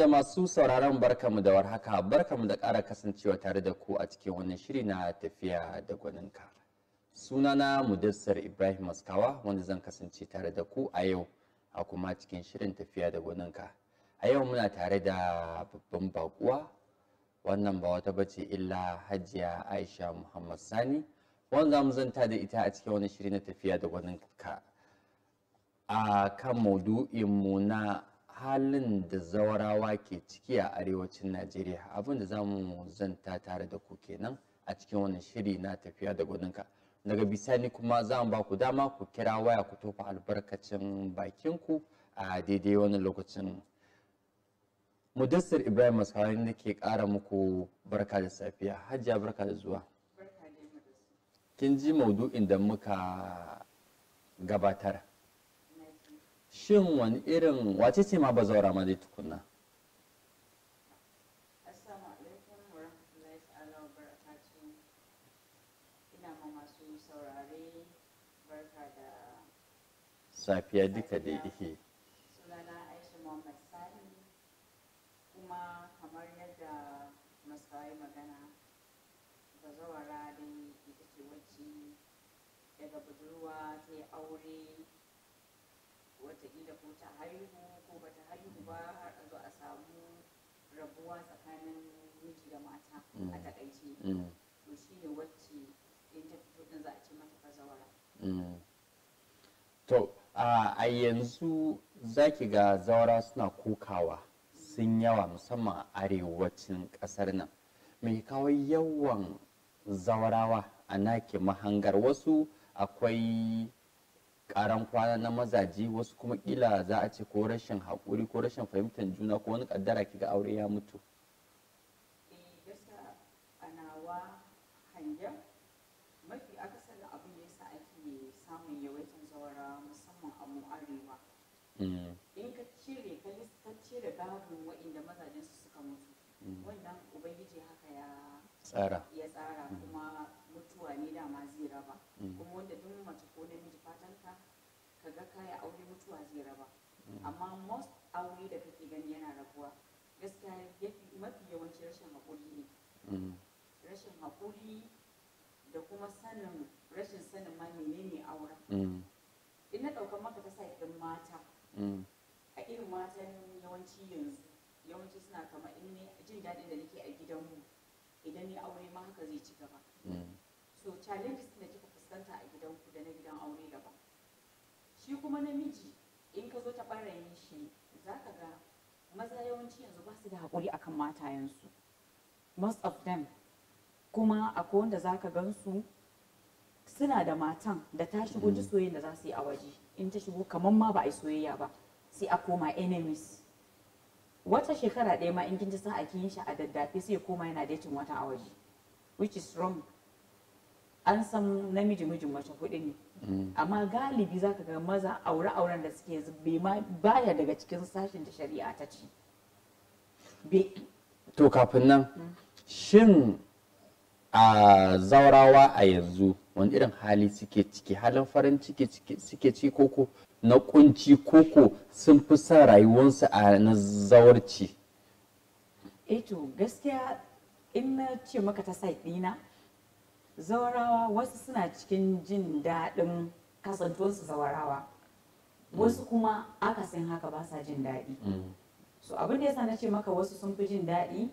da masu sauraron barkamu da warhaka barkamu da ƙara kasancewa tare da ku a cikin wannan shiri na tafiya da gwaninka. Sunana Mudassar Ibrahim Maskawa wanda zan kasance tare da ku a yau a kuma cikin shirin tafiya da gwaninka. A yau muna tare da babban bakuwa wannan ba wata bace illa Hajiya Aisha Muhammad Sani wanda mu zanta da ita a cikin wani shiri na tafiya da gwaninka. A kan mu na halin da zawarawa ke ciki a arewacin najeriya abin da za zamu zanta tare da ku kenan a cikin wannan shiri na tafiya da gudunka daga bisani kuma za mu ba ku dama ku kira waya ku tofa albarkacin bakinku a daidai wannan lokacin mudassar ibrahim masawari ne ke kara muku barka da safiya hajiya barka da zuwa kin ji maudu'in da muka gabatar shin wani irin wace ce ma ba zaura ma dai tukunna safiya duka da ihe sunana aisha muhammad sani kuma kamar yadda masarai magana zawara dai ita ce wacce daga budurwa ta yi aure wataƙila ko ta haihu ko ba ta haihu ba har a zo a samu rabuwa tsakanin miji da mata a mm. takaice mm. to shi ne wacce in ta fito din za a ce mata fazawara mm. to a yanzu za ki ga zaura suna kokawa sun yawa musamman arewacin ƙasar nan mai kawai yawan zawarawa a nake mahangar wasu akwai karan kwana na mazaji wasu kuma kila za a ce ko rashin haƙuri ko rashin fahimtar juna ko wani kaddara kiga aure ya mutu eh, mafi akasarin abin da yasa ake samun musamman a mu arewa mm. in ka cire ka ka cire gabin waɗanda mazajen su suka mutu mm. wannan ubangiji haka ya tsara ya tsara mm. kuma mutuwa ne dama zai raba kuma wanda duk mace ko namiji ka ga kaya aure mutuwa zai raba amma most aure da kake gani yana rabuwa gaskiya mafi yawanci rashin haƙuri ne mm. rashin haƙuri da kuma sanin rashin sanin ma menene aure mm. in na ɗaukar maka ta sa'idin mata mm. a irin matan yawanci yanzu yawanci suna kama in ne jin daɗin da nake a gidanmu idan ni aure ma haka zai ci gaba so challenges da kika fuskanta a gidanku da na gidan aure daban shi kuma namiji in ka zo ta ɓarayin shi za ka ga maza yawanci yanzu ba su da haƙuri akan matayensu most of them kuma akwai wanda za ka gansu suna da matan da ta shigo ji soyayya da za su yi a waje in ta shigo kamar ma ba a yi soyayya ba sai a koma enemies wata shekara ɗaya ma in kin ji san a kin shi a daddafe sai ya koma yana dating wata a waje which is wrong an san namiji mijin mace hudu ne amma galibi za ka ga maza aure-auren da suke yanzu baya daga cikin sashen da shari'a ta ce to kafin nan shin a zaurawa a yanzu wani irin hali suke ciki halin farin ciki suke ci koko na kunci koko sun fi son rayuwarsu a na zawarci eto eh gaskiya in na ce maka ta sai ɗina zawarawa wasu suna cikin jin daɗin kasantuwarsu zawarawa wasu kuma aka akasin haka ba sa jin daɗi mm. so abin da yasa na ce maka wasu sun fi jin daɗi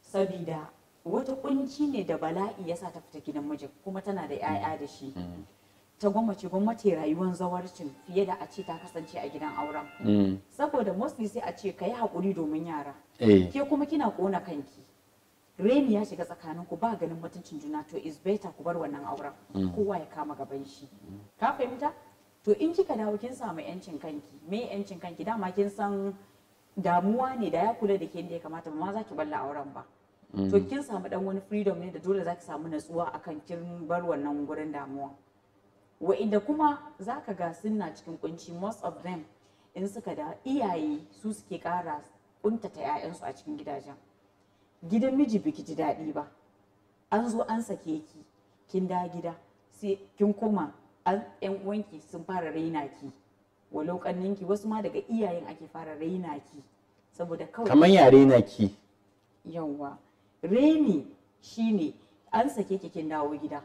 sabida wata kunci ne da bala'i yasa ta fita gidan miji kuma tana da 'ya'ya mm. da shi mm. ta gwammace gwamnati rayuwar zawarcin fiye da a ce ta kasance a gidan auren saboda mostly sai a ce ka yi haƙuri domin yara eh. ke kuma kina ƙona kanki reni ya shiga tsakanin ku ba ganin mutuncin juna to is better ku bar wannan auren mm. kowa ya kama gaban shi ka fahimta to in kika dawo kin samu yancin kanki me yancin kanki dama kin san damuwa ne da ya kula da ke da ya kamata ma za ki balla auren ba mm. to kin samu dan wani freedom ne da dole za ki samu natsuwa akan kin bar wannan gurin damuwa wa'inda kuma za ka ga suna cikin kunci most of them in suka da iyaye su suke kara kuntata 'ya'yansu a cikin gidajen gidan miji biki ji daɗi ba an zo an sake ki kin da gida sai kin koma yan uwanki sun fara raina ki walau ki wasu ma daga iyayen ake fara raina ki saboda kawai kamar ya raina ki yawa raini shine an sake ki kin dawo gida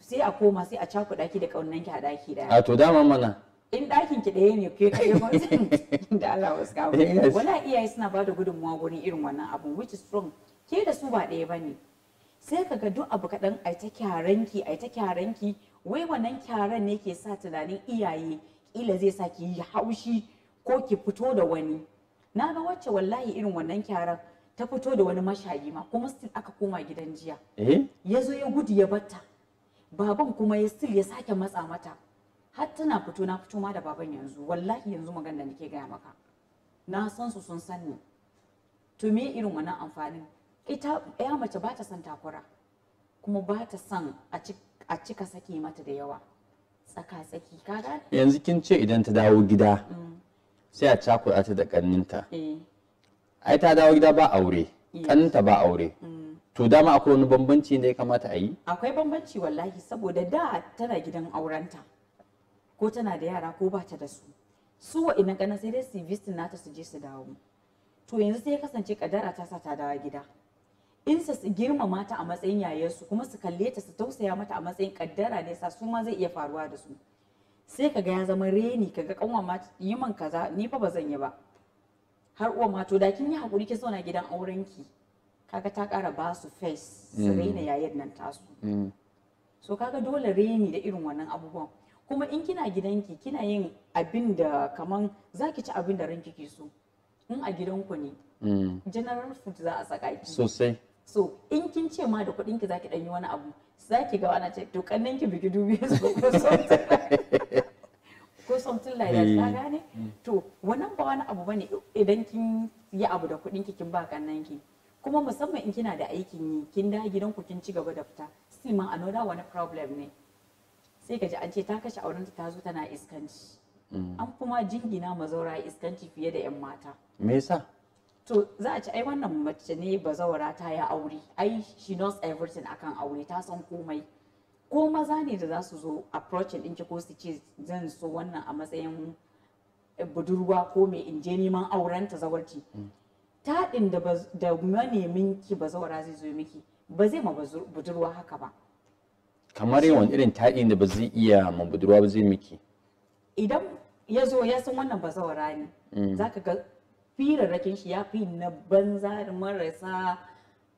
sai a koma sai a cakuɗa ki da ƙaunanki a ɗaki daya a to dama mana in dakin ki ɗaya ne ke kaɗai ba da Allah wasu kawo wala iyaye suna ba da gudunmuwa gurin irin wannan abu which is strong ke da su ba ɗaya ba ne sai ka ga duk abu kaɗan ai ta kyaranki ai ta kyaranki wai wannan kyaran ne ke sa tunanin iyaye ila zai sa ki yi haushi ko ki fito da wani na ga wacce wallahi irin wannan kyaran ta fito da wani mashayi ma kuma still aka koma gidan jiya eh? ya zo ya gudu ya batta baban kuma ya still ya sake matsa mata har tana fito na fito ma da baban yanzu wallahi yanzu magana da nake gaya maka na san su sun san ni to me irin wannan amfanin ita ya mace ba ta son takura kuma ba ta son a cika saki mata da yawa tsaka tsaki ka gane yanzu kin ce idan ta dawo gida mm. sai a cakuɗa ta da ƙanninta eh. ai ta dawo gida ba aure ƙanninta ba aure mm. to dama akwai wani bambanci da ya kamata a yi akwai bambanci wallahi saboda da tana gidan aurenta ko tana da yara ko ba ta da su su wa'innan kana sai dai su nata su je su dawo to yanzu sai ya kasance kadara ta sa ta dawo gida in su girmama ta a matsayin yayansu kuma su kalle ta su tausaya mata a matsayin kaddara ne sa su ma zai iya faruwa da su sai kaga ya zama reni kaga kanwa ma yi man kaza ni fa ba zan yi ba har uwa ma to da kin yi hakuri ki zauna gidan auren ki kaga ta kara ba su face su mm. rena yayin nan tasu mm. so kaga dole reni da irin wannan abubuwan kuma in kina gidanki kina yin abin da kaman za ki ci abin da ranki ke so in a gidanku ne mm. general food za a saka ki sosai so in kin ce ma da kuɗin ki zaki ɗan yi wani abu za ki ga ana ce to kannan ki biki dubi ko something like that ka eh. gane mm. to wannan ba wani abu bane idan kin yi abu da kuɗin ki kin ba kannan ki kuma musamman in kina da aikin yi kin da gidanku kin ci gaba da fita still ma another wani problem ne sai ka ji an ce ta kashe auren ta zo tana iskanci mm. an kuma jingina mazaura iskanci fiye da yan mata me yasa to za a ci ai wannan mace ne bazawara ta ya aure ai she knows everything akan aure ta san komai ko maza ne da za su zo approaching ɗinki ko su ce zan so wannan a matsayin budurwa ko mai in je neman auren ta zawarci mm. taɗin da manemin ki bazawara zai zo miki ba zai ma budurwa haka ba kamar yawan irin taɗin da ba zai iya ma budurwa ba zai miki idan ya zo ya san wannan bazawara ne mm. za ka ga firarrakin shi ya fi na banza da marasa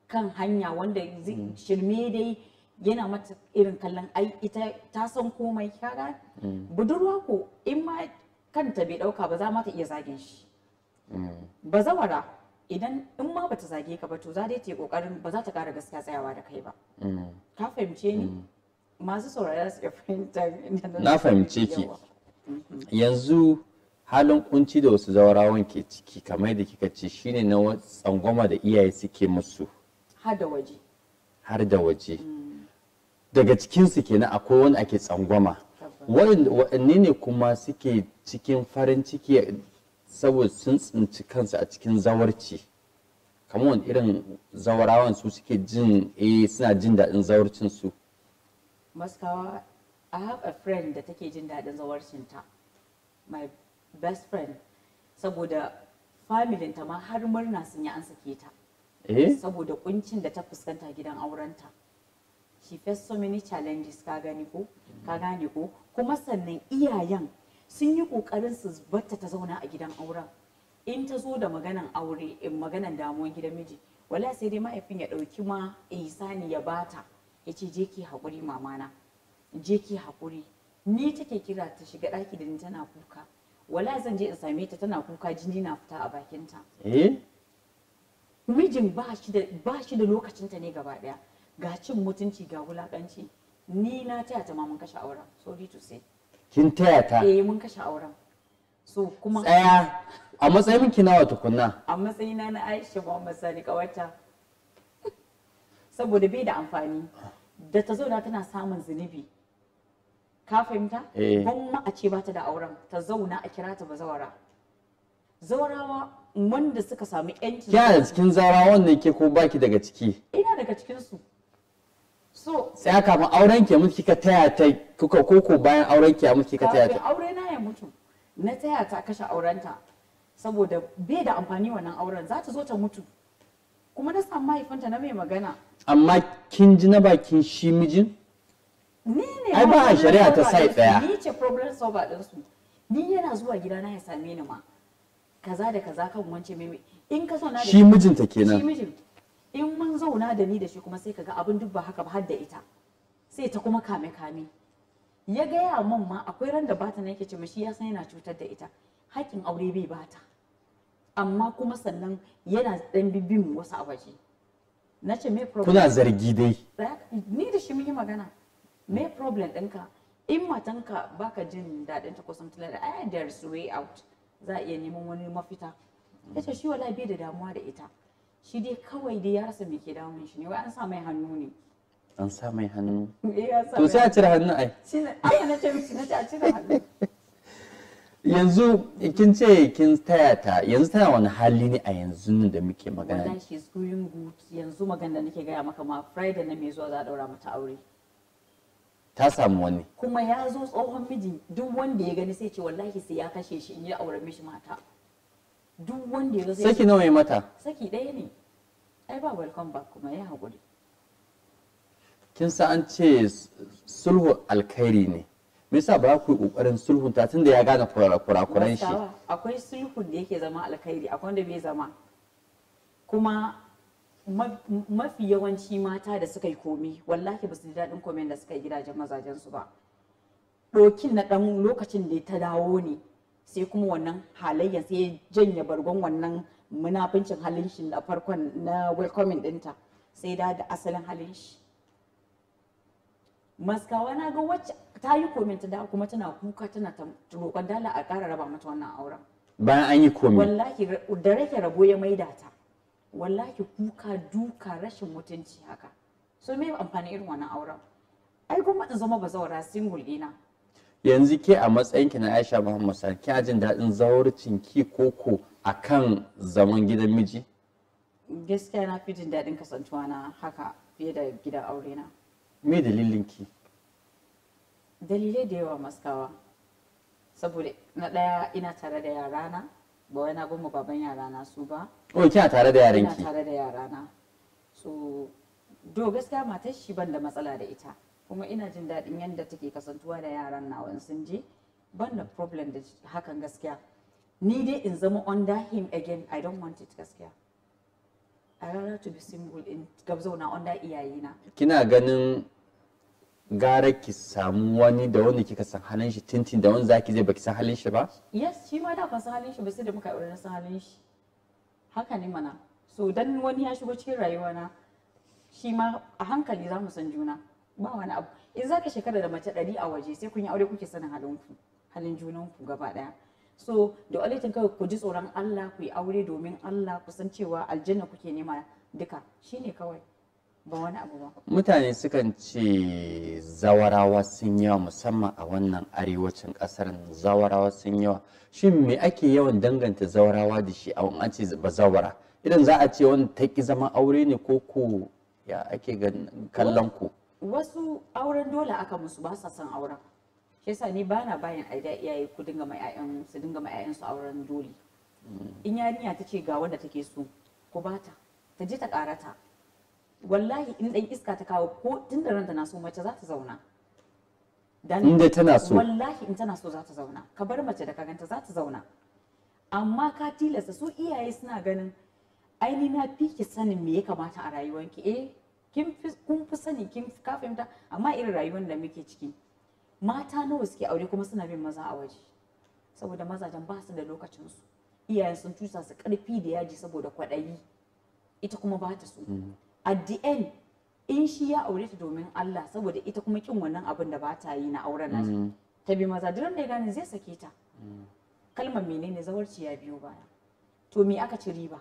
kan hanya wanda mm. shirme dai yana mata irin kallon ai ita ta san komai kaga mm. budurwa ko in ma kanta bai dauka ba za ma ta iya zagin shi bazawara idan in ma bata zage ka ba to za dai ta yi kokarin ba za ta kara gaskiya tsayawa da kai ba ka fahimce ni masu saurara su fahimta na fahimce ki mm-hmm. yanzu halin kunci da wasu zawarawan ke ciki kamar da kika ce shine na tsangwama da iyaye suke musu har da waje har da waje mm. daga cikinsu kenan akwai wani ake tsangwama waɗanne ne kuma suke cikin farin ciki saboda sun tsinci kansu a cikin zawarci kamar wani irin zawarawan su suke jin eh suna jin daɗin zawarcin su Moscow, I have a friend da take jin daɗin ta, My best friend. Saboda familinta ma har murna sun yi an sake ta. Eh? Saboda kuncin da ta fuskanta gidan aurenta. She faced so many challenges ka gani ko? Ka gane ko? Kuma sannan iyayen sun yi kokarin su batta ta zauna a gidan auren. In ta zo da maganan aure, in eh, maganan damuwan gidan miji, wala sai dai mahaifin ya ɗauki ma ihsani ya bata. ya ce je ki haƙuri mamana je ki haƙuri ni take kira ta shiga ɗaki da ni tana kuka wala zan je in same ta tana kuka jini na fita a bakinta eh mijin ba shi da ba shi da lokacin ta ne gaba ɗaya ga cin mutunci ga wulakanci ni na taya ta ma mun kashe auren sorry to say kin taya ta eh mun kashe auren so kuma tsaya a matsayin kina wa tukunna a matsayina na Aisha Muhammad Sani kawata saboda bai da amfani da ta zauna tana samun zunubi ka fahimta kuma eh. a ce bata da auren ta zauna a kira ta bazawara zaurawa wanda suka samu yanci kya da cikin zaurawan wanda ke ko baki daga ciki ina daga cikin su so sai aka ma auren ke mutu kika taya ta kuka koko bayan auren ke mutu kika taya ta aure na ya mutu na taya ta kashe aurenta saboda bai da amfani wannan auren za ta zo ta mutu kuma na samu mahaifinta na mai magana amma kin ji na bakin shi mijin ai ba a shari'a ta sai daya ni ce problem solver din su ni yana zuwa gida na ya same ni ma kaza da kaza kan wance meme in ka zauna da shi mijinta kenan shi mijin in mun zauna da ni da shi kuma sai kaga abin duk ba haka ba har da ita sai ta kuma kame kame ya gaya min ma akwai ran da bata nake ce shi ya san yana cutar da ita hakkin aure bai bata amma kuma sannan yana dan bibin wasu abaji na ce me problem kuna zargi dai ni da shi mun yi magana me problem ɗinka in matanka baka jin daɗin ta kusan da ai there is way out za a iya neman wani mafita ya ce shi wala bai da damuwa da ita shi dai kawai dai ya rasa me ke damun shi ne wai an sa mai hannu ne an sa mai hannu eh, to sai a cire hannu ai ai na ce na ce a cire hannu yanzu kin ce kin taya ta yanzu tana wani hali ne a yanzu nan da muke magana wannan shi screen going good yanzu magana da nake gaya maka ma friday na mai zuwa za a daura mata aure ta samu wani kuma ya zo tsohon miji duk wanda ya gani sai ce wallahi sai ya kashe shi in ya aure mishi mata duk wanda ya zo saki nawa ya mata saki ɗaya ne ai ba welcome back kuma ya haƙuri kin san an ce sulhu alkhairi ne me yasa ba ku yi kokarin sulhunta tunda ya gane kurakuran shi akwai sulhun da yake zama alkhairi akwai wanda bai zama kuma mafi yawanci mata da suka yi komi wallahi ba su ji daɗin komen da suka yi gidajen mazajen su ba ɗokin na ɗan lokacin da ta dawo ne sai kuma wannan halayya sai ya janye bargon wannan munafincin halin shi na farkon na welcoming dinta sai da asalin halin shi maskawa na ga wacce ta yi komin ta da kuma tana kuka tana roƙon dala a ƙara raba mata wannan auren bayan an yi komi wallahi da rake rabo ya maida ta wallahi kuka duka rashin mutunci haka so me amfani irin wannan auren ai kuma in zama bazawara single ɗina yanzu ke a matsayin ki na Aisha Muhammad sai ki jin daɗin zawarcin ki koko akan zaman gidan miji gaskiya na fi jin daɗin kasantuwa na haka fiye da gidan aure na me dalilinki dalilai da yawa maskawa saboda na ɗaya ina tare da yarana ba wai na goma baban yarana su ba oh kina tare da yaranki ina tare da yarana so do gaskiya matar shi ban da matsala da ita kuma ina jin daɗin yadda take kasantuwa da yaran na wani sun je ban da problem da hakan gaskiya ni dai in zama under him again i don't want it gaskiya i rather to be single in gabzauna under iyayena kina ganin gara ki samu wani da wanda kika san halin shi tintin da wanda zaki zai baki san halin shi ba? Yes, shi ma da ba san halin shi ba sai da muka aure na san halin shi. Haka ne mana. So dan wani ya shigo cikin rayuwa na shi ma a hankali za mu san juna. Ba wani abu. In zaka shekara da mace ɗari a waje sai kun yi aure kuke sanin halin ku, halin junan ku gaba ɗaya. So da alaitin kawai ku ji tsoron Allah ku yi aure domin Allah ku san cewa aljanna kuke nema duka shine kawai. mutane sukan ce zawarawa sun yawa musamman a wannan arewacin kasar zawarawa sun yawa shin me ake yawan danganta zawarawa da shi a an ce ba zawara idan za a ce wani ta ki zama aure ne ko ko ya ake kallon ku wasu auren dole aka musu ba sa son auren shi yasa ni bana bayan aida iyaye ku dinga mai ayan su dinga mai ayan su auren dole mm. in yarinya ta ce ga wanda take so ku bata ta je ta karata wallahi in dan iska ta kawo ko tun da ranta na so mace za ta zauna inda tana so wallahi in tana so za ta zauna ka bar mace da ka ganta za ta zauna amma ka tilasta su iyaye suna ganin aini na fi ki sanin me ya kamata a rayuwanki eh kin kun fi sani kin ka fahimta amma irin rayuwar da muke ciki mata nawa suke aure kuma suna bin maza a waje saboda mazajen ba su da lokacin su iyayen sun cusa su karfi da yaji saboda kwaɗayi ita kuma ba ta so mm. at the end in shi ya aure ta domin Allah saboda ita kuma kin wannan abin da ba ta yi na auren nasu mm. ta bi maza duk ya gane zai sake ta mm. kalmar menene zawarci ya biyo baya to me aka ci riba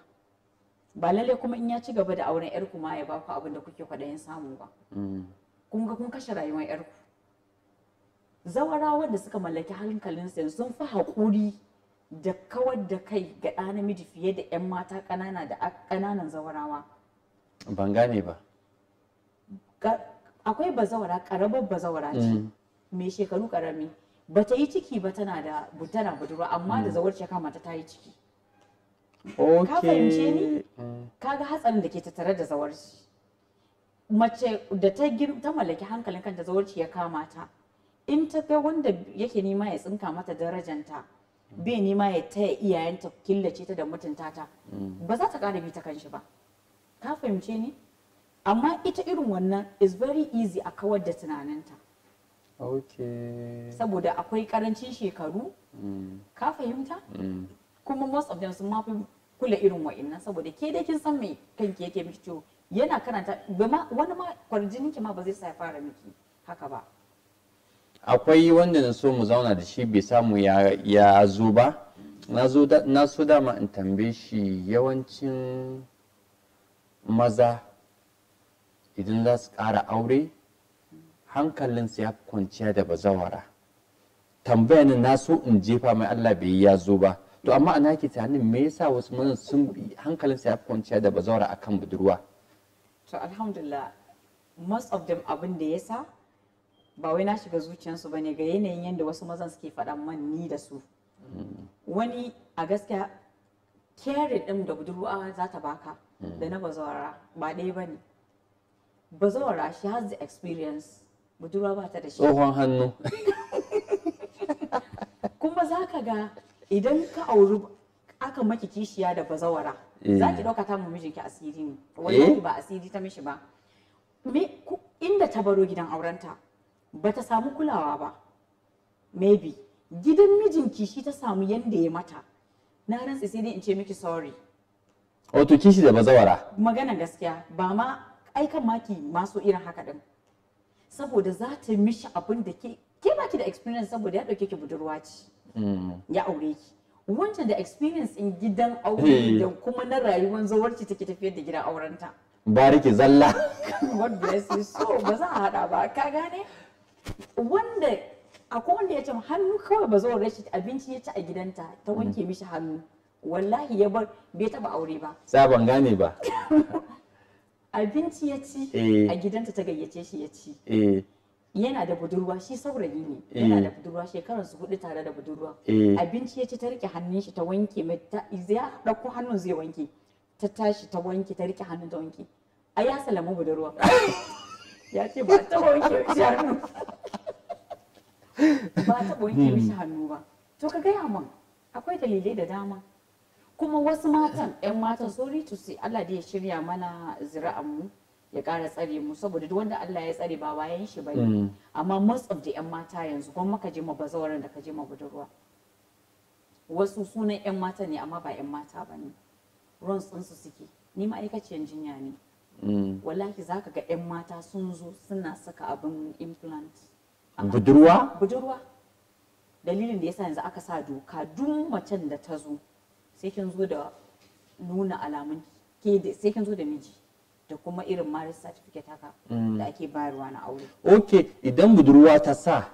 ba lalle kuma in ya ci gaba da auren yar ma ya ba ku abin da kuke kwaɗayin samu ba mm. kun ga kun kashe rayuwar yar ku zawara da suka mallaki hankalin sa sun fi haƙuri da kawar da kai ga ɗa namiji fiye da 'yan mata ƙanana da ƙananan zawarawa ban gane ba akwai bazawara karamar bazawara ce mm. mai shekaru karami ba ta yi ciki ba tana da tana budurwa amma da mm. ce kama ta yi ciki ka fahimce ni mm. kaga hatsarin da ke tattare da zawarci mace da ta ta mallaki hankalin kanta zawarci ya kama ta in ta ga wanda yake nema ya tsinka mata darajanta bai nema ya taya iyayenta killace ta da mutunta ta ba za ta ƙara bi ta shi ba ka fahimce ni amma ita irin wannan is very easy a kawar da tunaninta okay. saboda akwai karancin shekaru ka fahimta mm. kuma most of them sun mafi kula irin wa'innan saboda ke dai kin san mai kanki yake miki to yana karanta wani ma kwarjinin ki ma ba zai sa ya fara miki haka ba akwai wanda na so mu zauna da shi bai samu ya zo ba na so dama in tambaye shi yawancin maza idan za su ƙara aure hankalinsu ya kwanciya da bazawara tambayan na so in jefa mai Allah bai ya zo ba to amma ana ke tunanin me yasa wasu mazan sun bi hankalinsu ya kwanciya da bazawara akan budurwa to alhamdulillah most of them abin da yasa ba wai na shiga zuciyarsu bane ga yanayin yadda wasu mazan suke faɗan man ni da su hmm. wani a gaskiya kere din da budurwa za ta baka da na bazawara ba ɗaya ba ne bazawara she has the experience budurwa ba ta da shi tsohon hannu kuma za ka ga idan ka auri aka maki kishiya da bazawara eh. za ki ɗauka ta mijinki asiri ne wallahi eh? ba asiri ta mishi ba inda ta baro gidan aurenta ba ta samu kulawa ba maybe gidan mijinki shi ta samu yanda ya mata na rantsi sai dai in ce miki sorry wato kishi da bazawara magana gaskiya ba ma aikan maki masu irin haka din saboda za ta mishi abin da ke ke baki da experience saboda ya dauke ki budurwa ce mm. ya aure ki wancan da experience in gidan aure da kuma na rayuwar zawarci take tafiyar da gidan aurenta bariki zalla god bless you so ba za a hada ba ka gane wanda akwai wanda ya ce hannu kawai ba zuwa rashi abinci ya ci a gidanta ta wanke mm. mishi hannu wallahi ya bar bai taba aure ba sa ban gane ba abinci ya ci eh. a gidanta ta gayyace shi ya ci eh. yana da budurwa shi saurayi ne eh. yana da budurwa shekarar su hudu tare da budurwa abinci ya ci ta rike hannun shi ta wanke mai ta ya dauko hannun zai wanke ta tashi ta wanke ta rike hannun ta wanke a ya salama budurwa ya ce ba ta wanke mishi hannu ba ta wanke mishi hmm. hannu ba to ka gaya min akwai dalilai da dama kuma wasu matan yan matan sorry to say Allah da ya shirya mana zira'anmu mu ya ƙara tsare mu saboda duk wanda Allah ya tsare ba bayan shi bane mm. amma most of the yan mata yanzu kuma maka je ma bazawaran da ka je ma budurwa wasu sunan yan mata ne amma ba yan mata bane runs sun su suke ni ma'aikaciyar jinya ne mm. wallahi zaka ga yan mata sun zo suna saka abin implant budurwa budurwa dalilin da yasa yanzu aka sa doka duk macen da ta zo sai kin zo da nuna alamun ke da sai kin zo da miji da kuma irin marriage certificate haka mm. da ake bayarwa na aure okay idan budurwa ta sa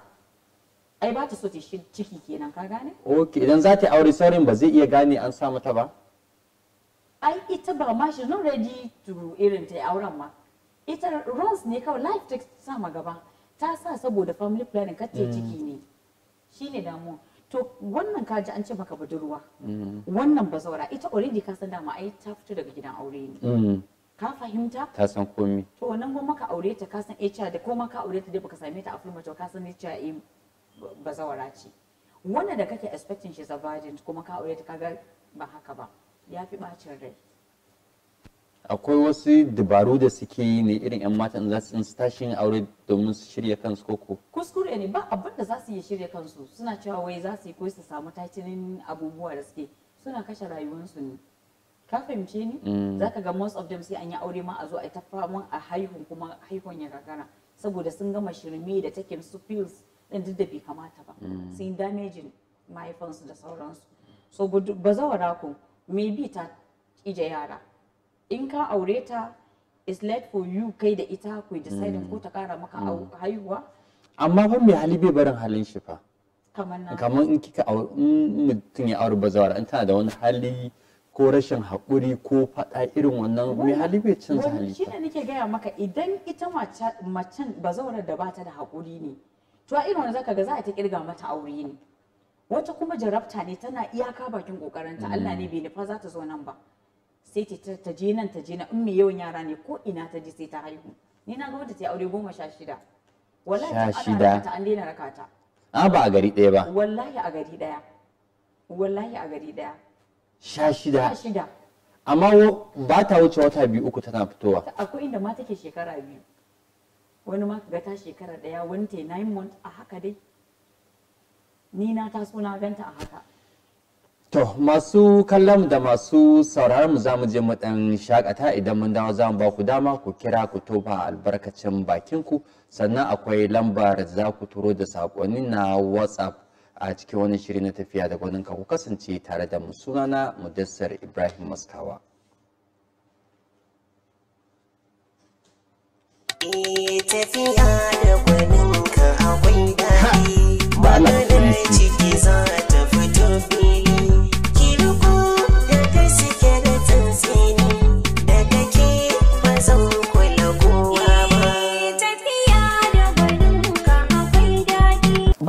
ai ba ta so ta shi ciki kenan ka gane okay idan za ta yi aure saurin ba zai iya gane an sa mata ba ai ita ba ma shi not ready to irin ta yi auren ma ita rules ne kawai life takes sama gaba ta sa saboda family planning kar ta mm. ciki ne shine damuwa to wannan kaji an ce maka budurwa wannan bazaura ita already ka san dama ai ta fito daga gidan aure ne mm. ka fahimta ta san komi to wannan goma ka aure ta ka san HR da koma ka aure ta dai baka same ta a fulma to ka san HR eh bazawara ce wannan da kake expecting shi is a kuma ka aure ta kaga ba haka ba ya fi bacin rai akwai wasu dabaru da suke yi ne irin 'yan matan za su tashi yin aure domin su shirya kansu ko koko kuskure ne ba abin da za su yi shirya kansu suna cewa wai za su yi ko su samu tacinin abubuwa da suke suna kashe rayuwarsu ne ka fahimce ni mm. za ka ga most of them sai an yi aure ma a zo a ta faman a haihun kuma haihun ya gagara saboda sun gama shirme da take su pills din duk da bai kamata ba mm. sun damaging mahaifansu da sauransu so ba bazawara ku maybe ta ije yara in ka aure ta is late for you kai da ita ku decide hmm. ko ta kara maka hmm. haihuwa amma fa mai hali bai barin halin shi fa kamar in kika mutum ya aure bazawar in tana da wani hali ko rashin haƙuri ko faɗa irin wannan mai hali bai canza hali shi ne nake gaya maka idan ita macen bazawar da bata da haƙuri ne to a irin wani zaka ga za a ta kirga mata aure ne wata kuma jarabta ne tana iyaka bakin kokarinta Allah ne hmm. bai nufa za ta zo nan ba sai ta je nan ta je na in mai yawan yara ne ko ina ta je sai ta haihu ni na ga da ta yi aure goma sha shida wallahi ta ana rakata an daina rakata a ah, ba a gari ɗaya ba wallahi a gari ɗaya wallahi a gari ɗaya sha shida sha shida amma ba ta wuce wata biyu uku tana fitowa akwai inda ma take shekara biyu wani ma ga ta shekara ɗaya wani ta nine month a haka dai ni na taso na ganta a haka To masu kallon da masu sauraron mu za mu je mu dan shakata idan mun dawo za mu ba ku dama ku kira ku tofa albarkacin bakin ku sannan akwai lambar za ku turo da sakonni na WhatsApp a cikin wani shiri na tafiya da ka ku kasance tare da mu sunana Mudassar Ibrahim Maskawa. Eh, tafiya da ciki za ta fito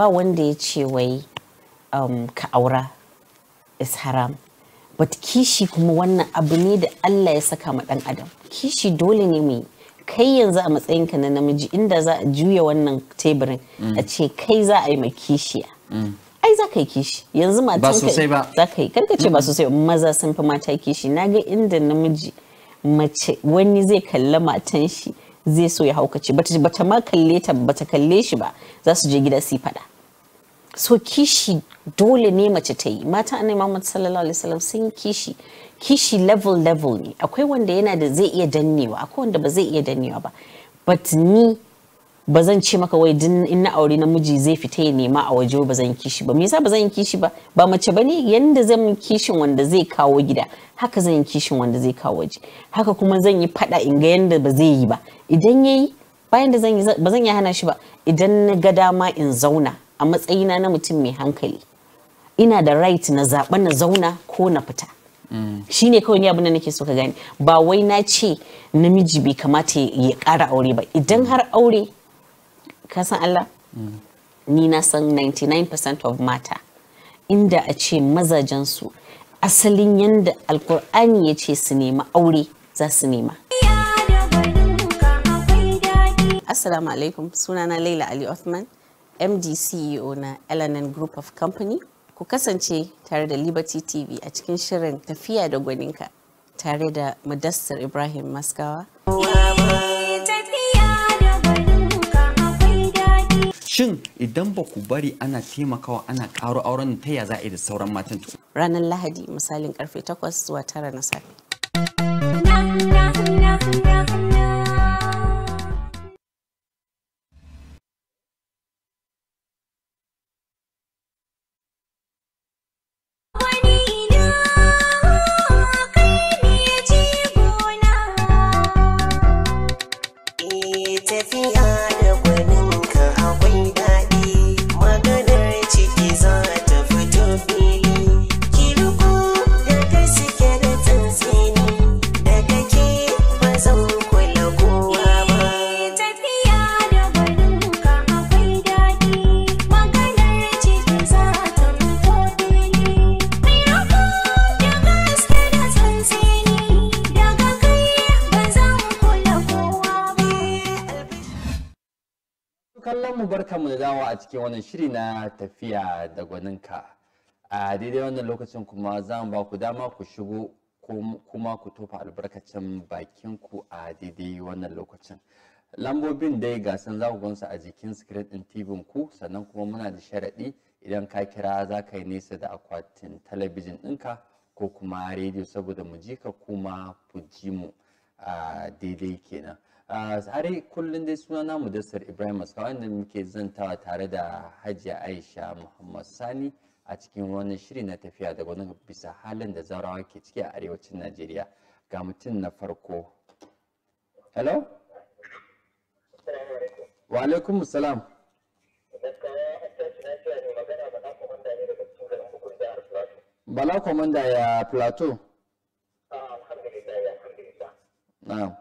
ba wanda ya ce wai um, ka aura is haram but kishi kuma wannan abu ne da Allah ya saka ma dan adam kishi dole ne mu kai yanzu a matsayin ka na namiji inda za a juya wannan teburin mm. a ce kai za a yi ma kishiya mm. ai za ka yi kishi yanzu matan ba sosai za ka yi karka ce ba sosai maza sun fi mata kishi na ga inda namiji mace wani zai kalla matan shi zai so ya haukace bata ma kalle ta bata kalle shi ba za su je gida su yi fada so kishi dole ne mace ta yi mata annabi Muhammad sallallahu alaihi wasallam sun kishi kishi level level ne akwai wanda yana da zai iya dannewa akwai wanda ba zai iya dannewa ba but ni bazan ce maka wai din in na aure namiji zai fita ya nema a waje ba zan kishi ba me yasa ba zan kishi ba ba mace bane yanda zan kishin wanda zai kawo gida haka zan yi kishin wanda zai kawo waje haka kuma zan yi fada in ga yanda ba zai yi ba idan yayi bayan da zan yi ba zan yi hana shi ba idan na ga dama in zauna a matsayina na mutum mai hankali ina da right na zaɓa na zauna ko na fita shi ne kawai ni abin da nake so ka gani ba wai na ce namiji bai kamata ya kara aure ba idan har aure ka san Allah ni na san 99% of mata inda a ce su asalin yadda alkur'ani ya ce su nema aure za su nema Assalamu alaikum sunana Laila Ali Othman md ceo na lnn group of company ku kasance tare da liberty tv a cikin shirin tafiya da gwaninka tare da mudassar ibrahim maskawa shin idan ba ku bari ana taimakawa ana karo auren ta ya za a yi da sauran matan ranar lahadi misalin karfe takwas, zuwa tara na safe tafiya da gwaninka a daidai wannan lokacin kuma za mu ba ku dama ku shigo kuma ku tofa albarkacin bakin ku a daidai wannan lokacin lambobin dai gasan za ku gansu a jikin screen din tv ku sannan kuma muna da sharaɗi idan ka kira za ka yi nesa da akwatin talabijin ɗinka ko kuma rediyo saboda mu ji ka kuma ku ji mu a daidai kenan har kullum dai suna namu Mudassar Ibrahim Askawa inda muke zantawa tare da Hajiya Aisha Muhammad Sani a cikin wani shiri na tafiya da wani bisa halin da zarawa ke ciki a arewacin Najeriya ga mutum na farko. Hello? Wa alaikum salam. Bala kwamanda ya Plateau. Ah, Na'am.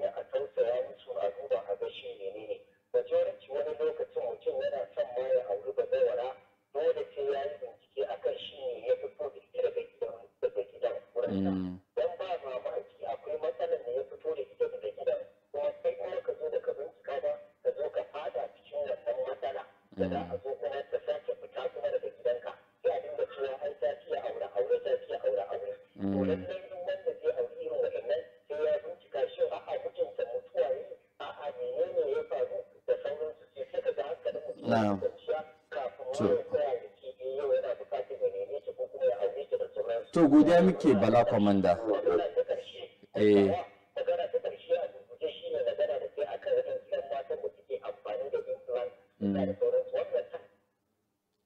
muke bala kwamanda eh mm.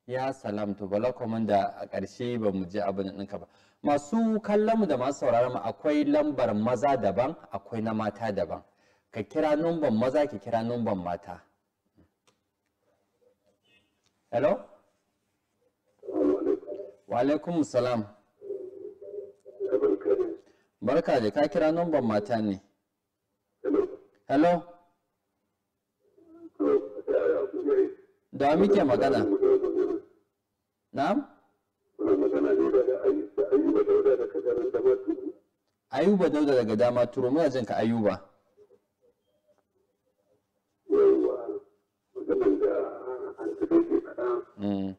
ya salam to bala kwamanda a ƙarshe ba mu je abin ɗinka ba masu kallonmu da masu sauraron mu akwai lambar maza daban akwai na mata daban ka kira numban maza ka kira numban mata hello wa alaikum salam barka da ka kira numban mata ne hello da muke magana na'am ayuba dauda daga dama turo muna jin ka ayuba Mm.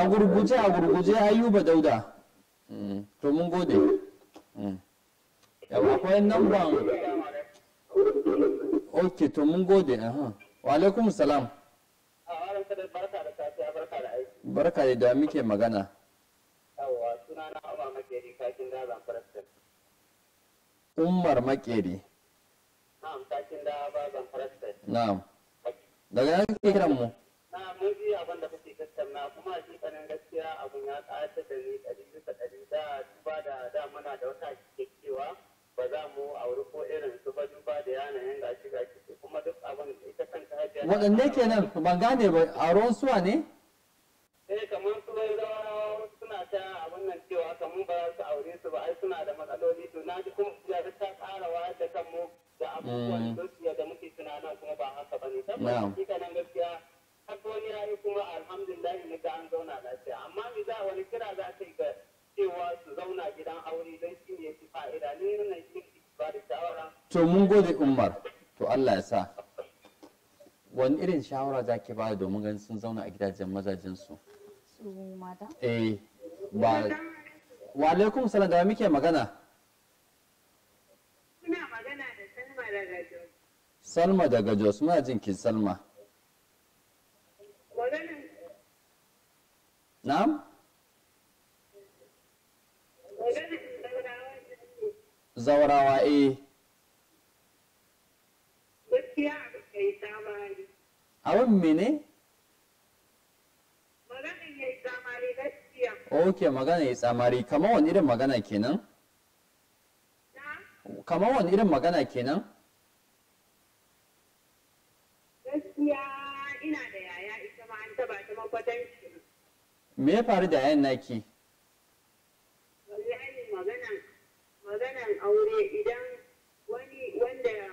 a gurguje a gurguje ayuba dauda mm, to mun gode eh. mm. yawa akwai namban ok to mun gode aha wa alaikum salam barka da da muke magana umar makeri na'am daga nan kira kiran mu waɗanne kenan ban gane ba a ruwan suwa ne irin shawara za ki ba domin ganin sun zauna a gidajen mazajen su Su mata eh ba wa alaikum salam da muke magana ina magana da Salma daga Jos Salma daga Jos muna jin ki Salma Na'am Zaurawa eh gaskiya bai samu abin mene ok magana ya yi tsamari kamar wani irin magana kenan kamar wani irin magana kenan gaskiya ina da yaya ita ma an taba ta makwatanci me ya faru da yayan naki Wani maganan maganan aure idan wani wanda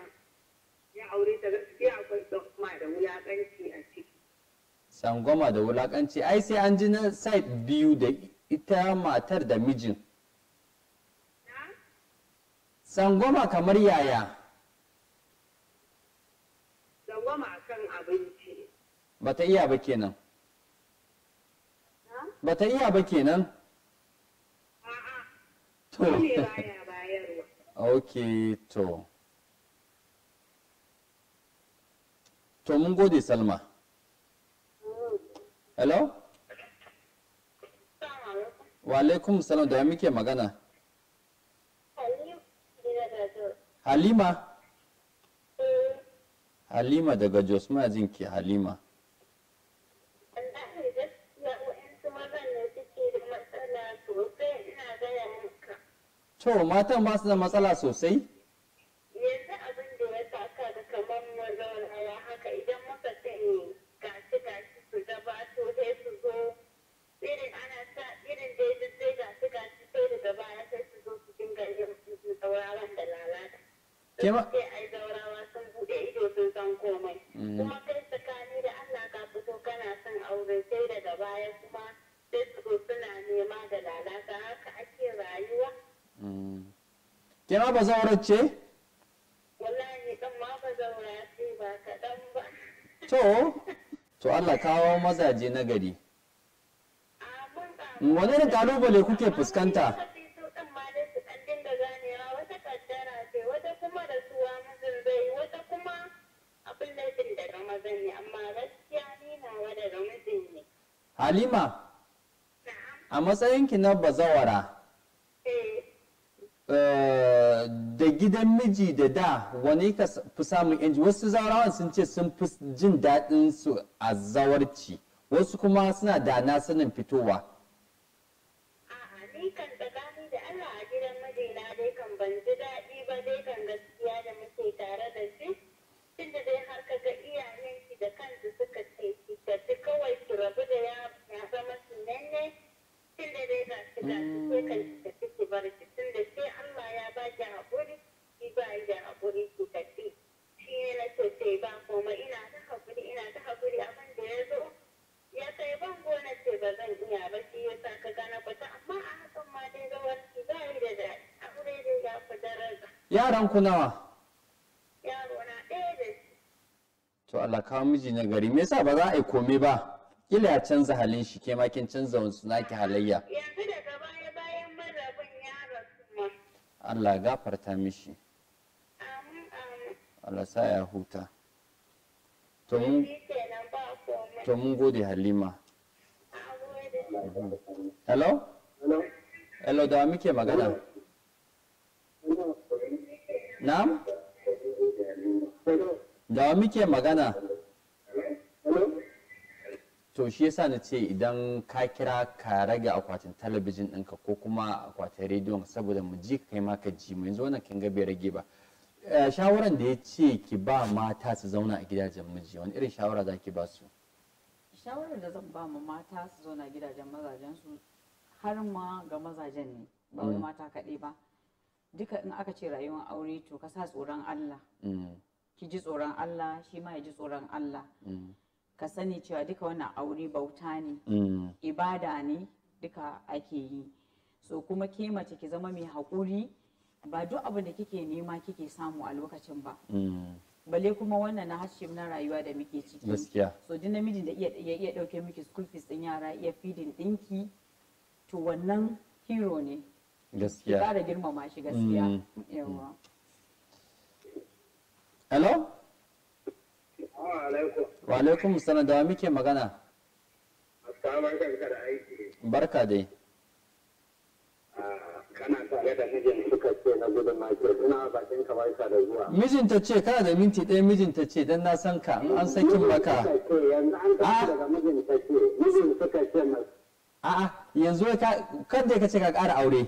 aure da wulakanci ai sai an ji na side biyu da ita matar da mijin. Tsangwama kamar yaya? Tsangwama kan abinci. Bata iya ba kenan. Bata iya ba kenan? A'a. To. Ok, to. to mun gode salma hello wa alaikum salam da muke magana halima halima daga jos ma ki halima to matan ba su da matsala sosai Yama. Sai ai zaurawa sun bude ido sun san komai. Kuma kai tsakani da Allah ka fito kana son aure sai daga baya kuma sai su suna nema da lalata haka ake rayuwa. Kema ba zaurar ce? Wallahi dan ma ba zaura ce ba kaɗan ba. To, to Allah kawo mazaje na gari. Wani irin kalubale kuke fuskanta? Halima, a matsayinki na bazawara, eh, da gidan miji da da wani ka fi samun yanci wasu zaurawan sun ce sun fi jin daɗinsu a zawarci wasu kuma suna da nasanin sanin fitowa yaran ku nawa to Allah kawo miji na gari me yasa ba za a yi komai ba kila ya canza halin shi ke makin canza wasu naki halayya yanzu daga baya bayan marabin rasu kuma Allah gafarta mishi Allah sa ya huta to mun to mun gode Halima hello hello da muke magana Na'am? Da wa muke magana? To shi yasa na ce idan ka kira ka rage akwatin talabijin ɗinka ko kuma akwatin rediyon saboda mu ji kai ma ka ji mu yanzu wannan kin ga bai rage ba. Eh, shawaran da ya ce ki ba mata su zauna a gidajen miji wani irin shawara za ki ba su? Shawarar da zan ba mu mata su zauna a gidajen mazajen su har ma ga mazajen ne ba mm. mata kaɗai ba. duka in aka ce rayuwar aure to ka sa tsoron Allah mm. ki ji tsoron Allah shi ma ya ji tsoron Allah mm. ka sani cewa duka wannan aure bauta ne mm. ibada ne duka ake yi so kuma ke mace ki zama mai haƙuri ba duk abin da kike nema kike samu a lokacin ba bale kuma wannan na hashim na rayuwa da muke ciki gaskiya so duk namijin da iya iya dauke miki school fees din yara iya feeding dinki to wannan hero ne gaskiya ki girmama shi gaskiya mm. yawa hello wa alaikum sana da muke magana barka dai ah, kana tare da mijin suka ce na gudun ina bakin ka baka da zuwa ce kana da minti ɗaya mijinta ce dan na san ka an sakin maka a yanzu ah! kada ka ce ka ƙara aure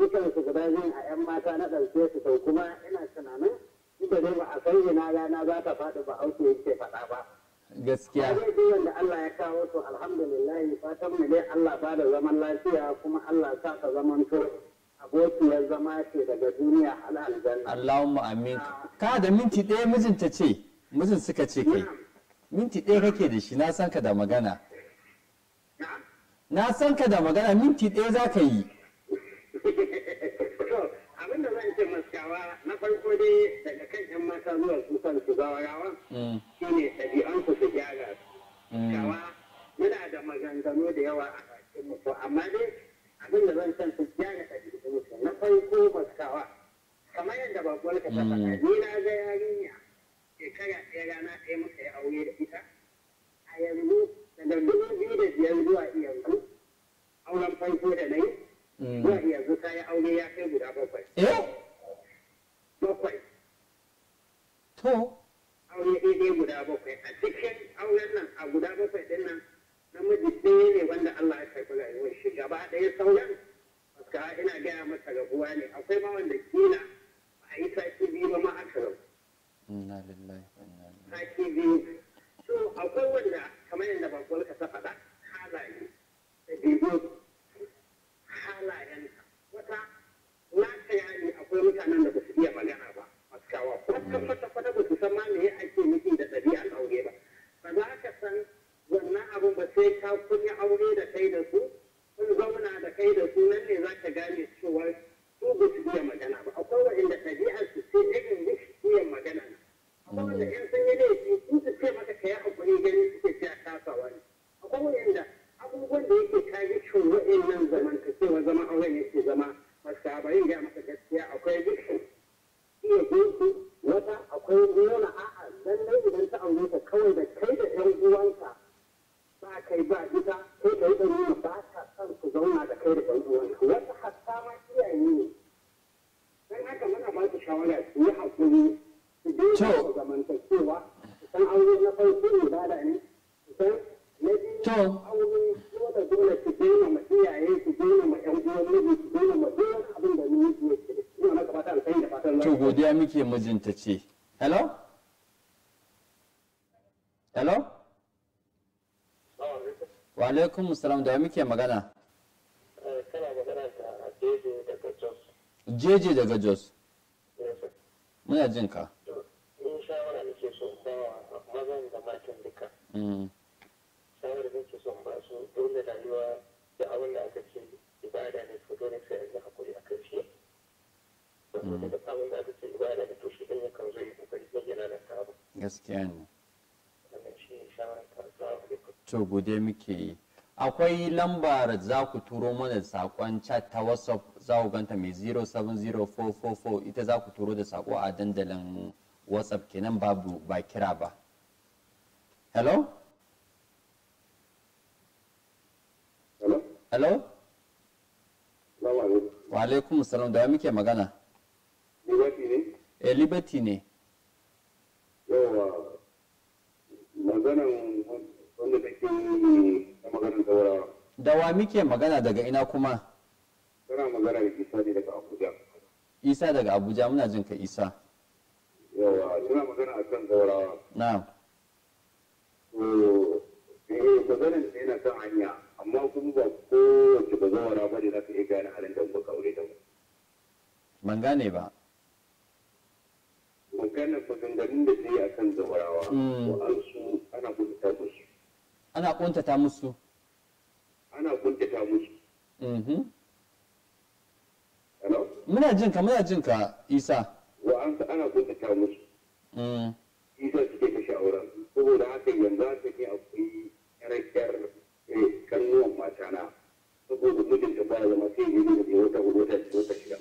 dukkan su guda biyun a 'yan mata na ɗauke su sau kuma ina tunanin inda dai ba a sanyina rana za ta faɗi ba auki yake faɗa ba. Gaskiya. Ba zai wanda Allah ya kawo su alhamdulillah fatan mu dai Allah ba da zaman lafiya kuma Allah sa ka zaman to abokiyar zama ce daga duniya har aljanna. Allahumma amin. Ka da minti ɗaya mijinta ce mijin suka ce kai. Minti ɗaya kake da shi na san ka da magana. Na san ka da magana minti ɗaya za ka yi. ce maskawa na farko dai daga kan yan mata zuwa su kan su gawarawa mm. shi ne ɗabi'ansu su gyara mm. muna da maganganu da yawa a bakin mutu amma dai abin da zan san su gyara ɗabi'ansu na farko maskawa kamar yadda babuwar ka ta faɗa mm. ni na ga yarinya shekara ɗaya rana ɗaya muka yi aure da ita a yanzu daga dubu biyu da biyar zuwa yanzu auren farko da na yi zuwa yanzu ya aure ya kai guda bakwai. Eh? bakwai. To. Aure daidai guda bakwai a cikin auren nan a guda bakwai din nan namiji ɗaya ne wanda Allah ya karɓi rayuwar shi gaba ɗaya sauran paska ina gaya masa rabuwa ne akwai ma wanda kila ba a yi sati biyu ba ma aka rabu. Inna lillahi inna biyu. So akwai wanda kamar yadda babuwar ka ta faɗa halaye da bibo halayen wata na ta akwai mutanen da ba su iya magana ba maskawa ko kwata kwata ba su san ma me ake nufi da ɗabi'ar aure ba ba za ka san wannan abun ba sai ka kunya aure da kai da su kun zauna da kai da su nan ne za ka gane cewa su ba su iya magana ba akwai waɗanda ɗabi'ar mijinta ce hello hello wa alaikum salam da muke magana eh, jeje daga jos muna jin ka akwai lambar za ku turo mana saƙon chat ta whatsapp za ku ganta mai 070444 ita za ku turo da saƙo a dandalin whatsapp kenan babu ba kira ba hello hello wa alaikum salam da muke magana liberty ne eh liberty ne yawa maganan wanda take magana zaurawa. Da wa muke magana daga ina kuma? Kana magana da Isa ne daga Abuja. Isa daga Abuja muna jin ka Isa. Yawa, tana magana a kan zaurawa. Na'am. To, eh bazanin ne na kan hanya, amma kuma ba kowace bazawara ba ne za ka iya gane halin da ba kaure da Ban gane ba. Maganar maganganun da ta yi a kan zaurawa, ko mm. an su ana gudu ta gusu. ana kuntata musu ana kuntata musu mhm muna jin ka muna jin ka isa wa an ana kuntata musu mm isa suke ta shawara saboda haka yanzu haka ne akwai yarakiyar kannuwan eh, mata na saboda mijinta ba zama sai yi ne wata hudu wata shida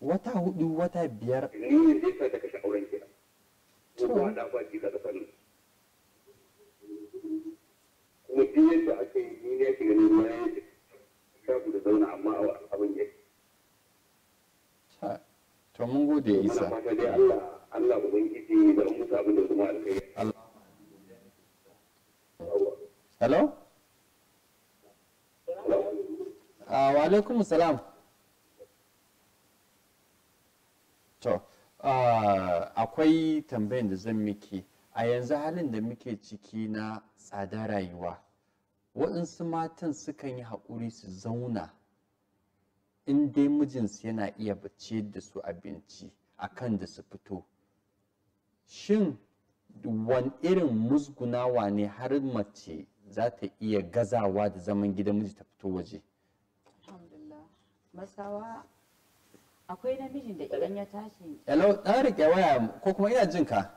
wata hudu wata biyar ne zai sa ta kashe auren kenan ko ba da ba ji ka tsakanin kuma duk yadda aka yi ni ne yake ganin ruwa ya ce shafu da zauna amma abin ya to mun gode isa mana fata dai Allah ubangiji da musu abin da kuma alkai hello Uh, wa alaikum salam to uh, akwai tambayin da zan miki a yanzu halin da muke ciki na tsada rayuwa waɗansu matan sukan yi haƙuri su zauna in dai mijinsu yana iya bace da su abinci a kan da su fito shin wani irin musgunawa ne har mace za ta iya gazawa da zaman gidan miji ta fito waje masawa akwai namijin da idan ya tashi hello ɗan riƙe waya ko kuma ina jin ka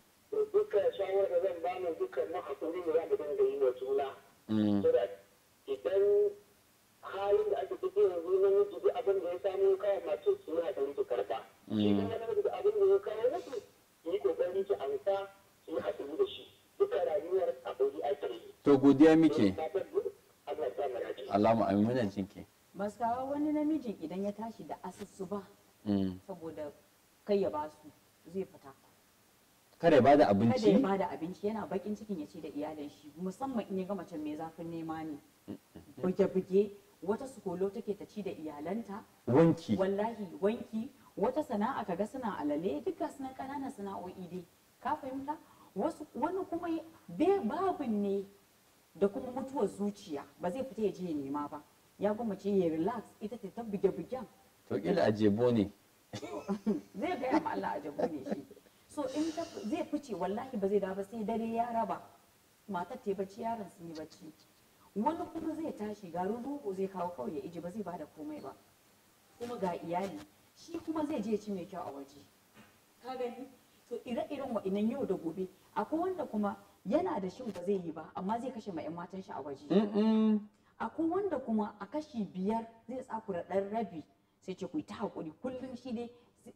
duka shawar da zan bani dukkan na hakuri da za mu dinga yi wa juna mm. idan halin da ake ciki yanzu na miji duk abin da ya samu kawai masu su yi hakuri su karba shi kuma na miji abin da ya kawo musu yi kokari ki amsa su yi hakuri da shi duka rayuwar hakuri ake yi to godiya muke Allah mu amin muna jinki kawo wani namijin idan ya tashi da asusu ba mm. saboda kai ya basu zai fita kada ya bada abinci kada ya bada abinci yana bakin cikin ya ce da iyalin shi musamman in ya ga mace mai zafin nema ne buge-buge wata sukolo take ta ci da iyalanta wanki wallahi wanki wata sana'a kaga suna alale duka suna ƙananan sana'o'i dai ka fahimta wasu wani kuma be babin ne da kuma mutuwar zuciya ba zai fita ya je ya nema ba ya gwammace ya relax ita ta buge-bugen to kila ajebo ne zai gaya ma Allah ajebo ne shi so in ta zai fice wallahi ba zai dawo ba sai dare ya raba matar ta bacci yaron sun yi bacci wani kuma zai tashi garin rogo zai kawo kawai ya iji ba zai bada komai ba kuma ga iyali shi kuma zai je ci mai kyau a waje ka gani to ire irin wa'inan yau da gobe akwai wanda kuma yana da shin ba zai yi ba amma zai kashe ma'yan matan shi a waje akwai wanda kuma a kashi biyar zai tsakura ɗan rabi sai ce ku ta haƙuri kullum shi dai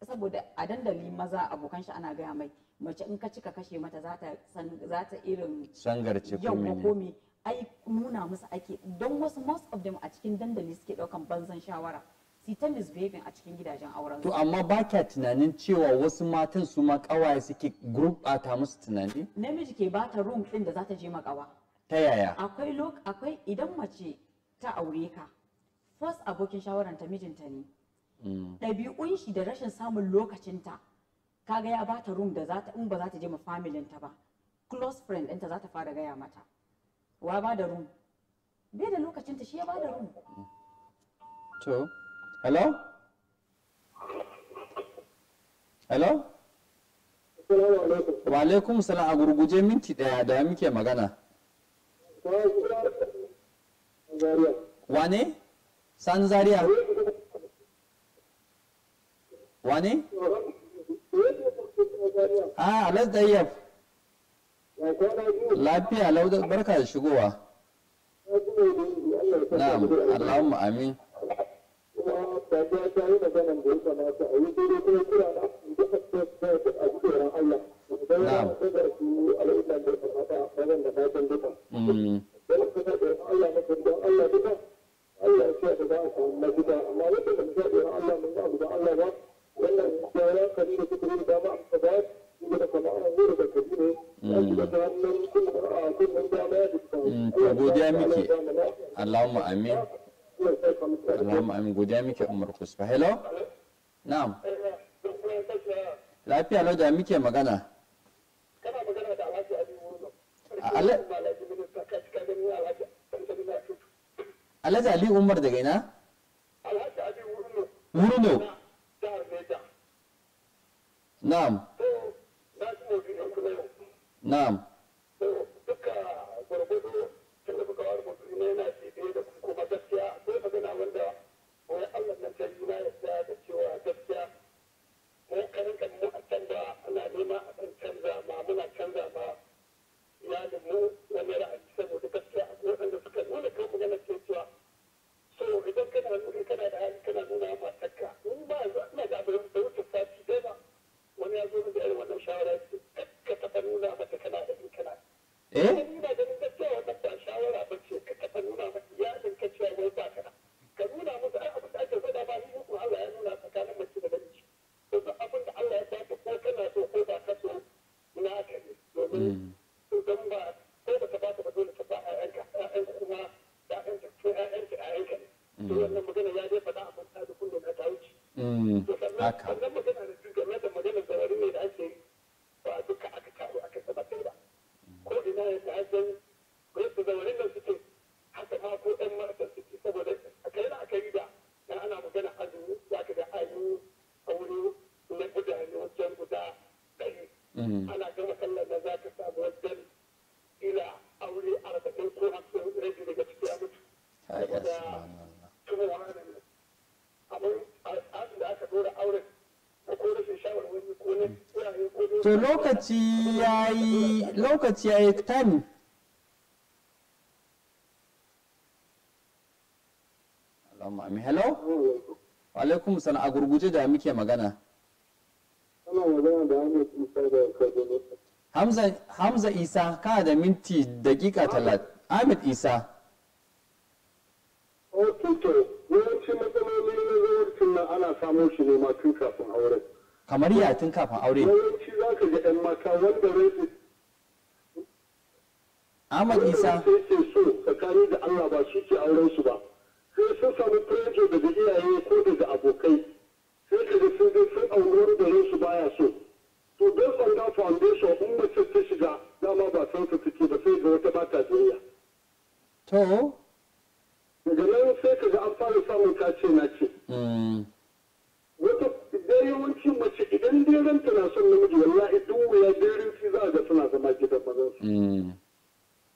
saboda a dandali maza abokan shi ana gaya mai mace in ka cika kashe mata za ta za ta irin sangarce yau ai nuna musu ake don wasu most of them a cikin dandali suke daukan banzan shawara su ta misbehaving a cikin gidajen auren to amma ba kya tunanin cewa wasu matan su ma kawaye suke gurɓata musu tunani namiji ke ba ta room din da za ta je makawa ta yaya akwai lok akwai idan mace ta aure ka first abokin ta mijinta ne Mm. ɗabi'un shi da rashin samun lokacinta kaga ya bata room da za ta in ba za ta je ma familin ta ba close friend ɗinta za ta fara gaya mata wa ba da room bai da lokacinta shi ya ba da room to hello hello wa alaikum salam a gurguje minti daya da muke magana wane san zaria Wani a alas ɗayyaf lafiya laudar barka da shigowa na'am allahumma amin na'am Allah ya da za samu mafita amma wanda Allah ba wannan sauran da suka hmm. hmm, amin allahumma amin godiya muke umar kusfa hello na'am lafiya lau da muke magana ali Umar daga ina? Nam. Nam. to lokaci ya yi lokaci ya yi tani Allahumma amin hello wa alaikum sana a gurguje da muke magana Hamza Hamza Isa ka da minti dakika talat Ahmed Isa Ok, to, yawanci matsalolin na zuwarcin nan ana samun shi ne ma tun kafin aure. kamar ya tun kafin aure yawanci za ka ga yan mata wanda rai Ahmad Isa sai ke so tsakani da Allah ba shi ke auren su ba sai sun samu prejo daga iyaye ko daga abokai sai ka ga sun sun auri da rai su baya so to don tsanga foundation in mace ta shiga dama ba san ta take ba sai ga wata bata duniya to daga nan sai ka ga an fara samun kace na ce mm. wata dare yawanci mace idan dai na son namiji wallahi duk wuya dare fi za a ga suna zama gidan mazan su. Mm.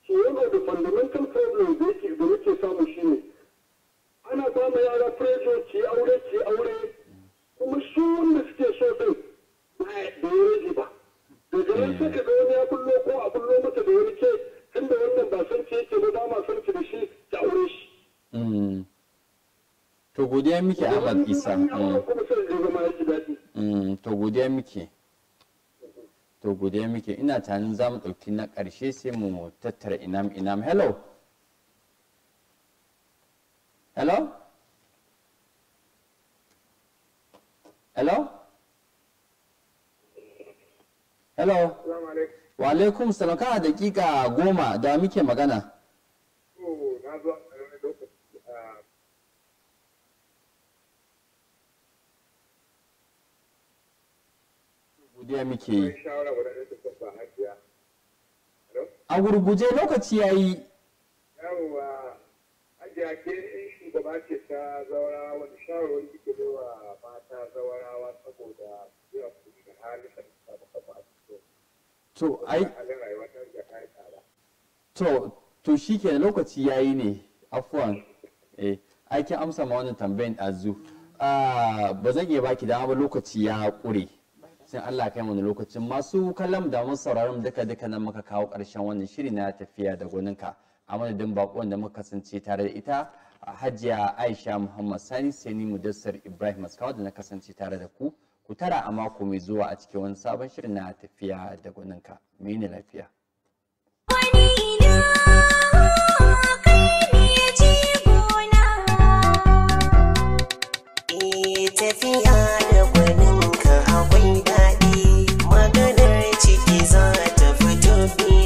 Shi da fundamental problem da yake da muke samu shi ne. Ana ba ma yara pressure ci aure ci aure kuma su wanda suke so din ba ya rage ba. Daga nan sai ka ga wani ya kullo ko a kullo mata da wani ke tunda wannan ba sarki yake ba za ma da shi ta aure shi. Mm. to godiya miki Ahmad Isa mm, to godiya miki to godiya miki ina tunanin za mu ɗauki na ƙarshe sai mu tattara inam inam hello hello hello hello wa alaikum salam kana dakika goma da muke magana gaskiya muke yi a gurguje lokaci ya yi yawwa hajiya ke yi shugaba ce ta zaurawa wani shawarwar kike ke wa mata zaurawa saboda zuwa kuɗi da halin da suka muka ba su to ai to to shi ke lokaci ya yi ne afuwan eh aikin amsa ma wannan tambayin ɗazu ah, ba zan iya baki dama ba lokaci ya ƙure sai Allah kai mu lokacin masu kallon da mun sauraron duka duka nan muka kawo karshen wannan shiri na tafiya da goninka a madadin bakon da muka kasance tare da ita Hajiya Aisha Muhammad Sani sai ni Mudassar Ibrahim Askawa da na kasance tare da ku ku tara a mako mai zuwa a cikin wani sabon shirin na tafiya da goninka mai ni lafiya ciki za ta fito